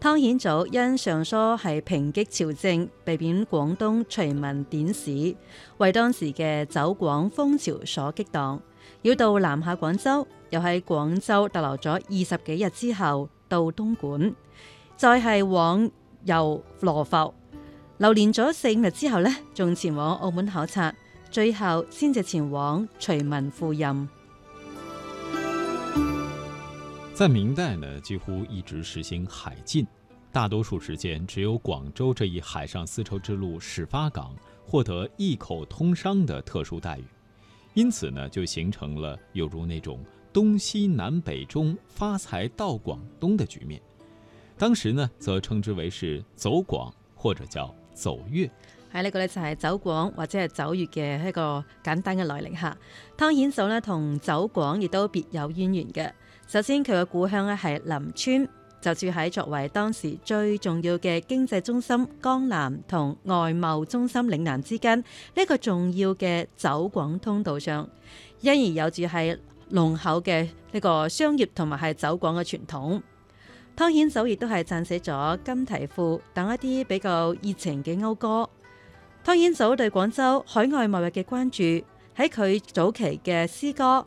湯顯祖因上疏係抨擊朝政，被貶廣東徐聞典史，為當時嘅走廣風潮所激盪，繞道南下廣州，又喺廣州逗留咗二十幾日之後，到東莞，再係往遊羅浮，流連咗四五日之後呢，仲前往澳門考察，最後先至前往徐聞赴任。在明代呢，幾乎一直實行海禁，大多數時間只有廣州這一海上絲綢之路始發港獲得一口通商的特殊待遇，因此呢，就形成了有如那種東西南北中，發財到廣東的局面。當時呢，則稱之為是走廣或者叫走粵。喺呢個呢，就係走廣或者係走粵嘅一個簡單嘅來歷下，湯顯祖呢，同走廣亦都別有淵源嘅。首先佢嘅故鄉咧係臨川，就住喺作為當時最重要嘅經濟中心江南同外貿中心嶺南之間呢一個重要嘅走廣通道上，因而有住係濃厚嘅呢個商業同埋係走廣嘅傳統。湯顯祖亦都係撰寫咗《金題賦》等一啲比較熱情嘅謳歌。湯顯祖對廣州海外貿易嘅關注喺佢早期嘅詩歌。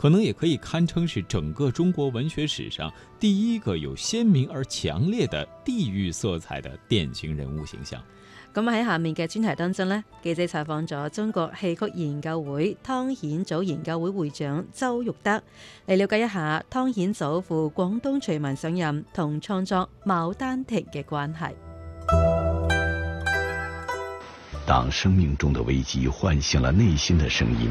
可能也可以堪稱是整個中國文學史上第一個有鮮明而強烈的地域色彩的典型人物形象。咁喺下面嘅專題當中咧，記者採訪咗中國戲曲研究會湯顯祖研究會會長周玉德，嚟了解一下湯顯祖赴廣東徐聞上任同創作《牡丹亭》嘅關係。當生命中的危機喚醒了內心的聲音。